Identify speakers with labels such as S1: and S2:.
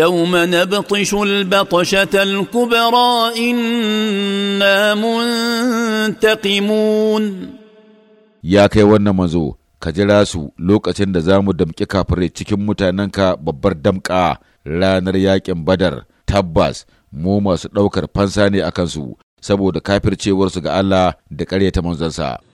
S1: يوم نبطش البطشه الكبرى انا منتقمون
S2: يا كي wannan manzo ka jira su lokacin da za mu damƙi kafirai cikin mutanenka babbar damƙa ranar yaƙin badar tabbas mu masu ɗaukar fansa ne a kansu saboda kafircewarsu ga Allah da ƙaryata manzansa.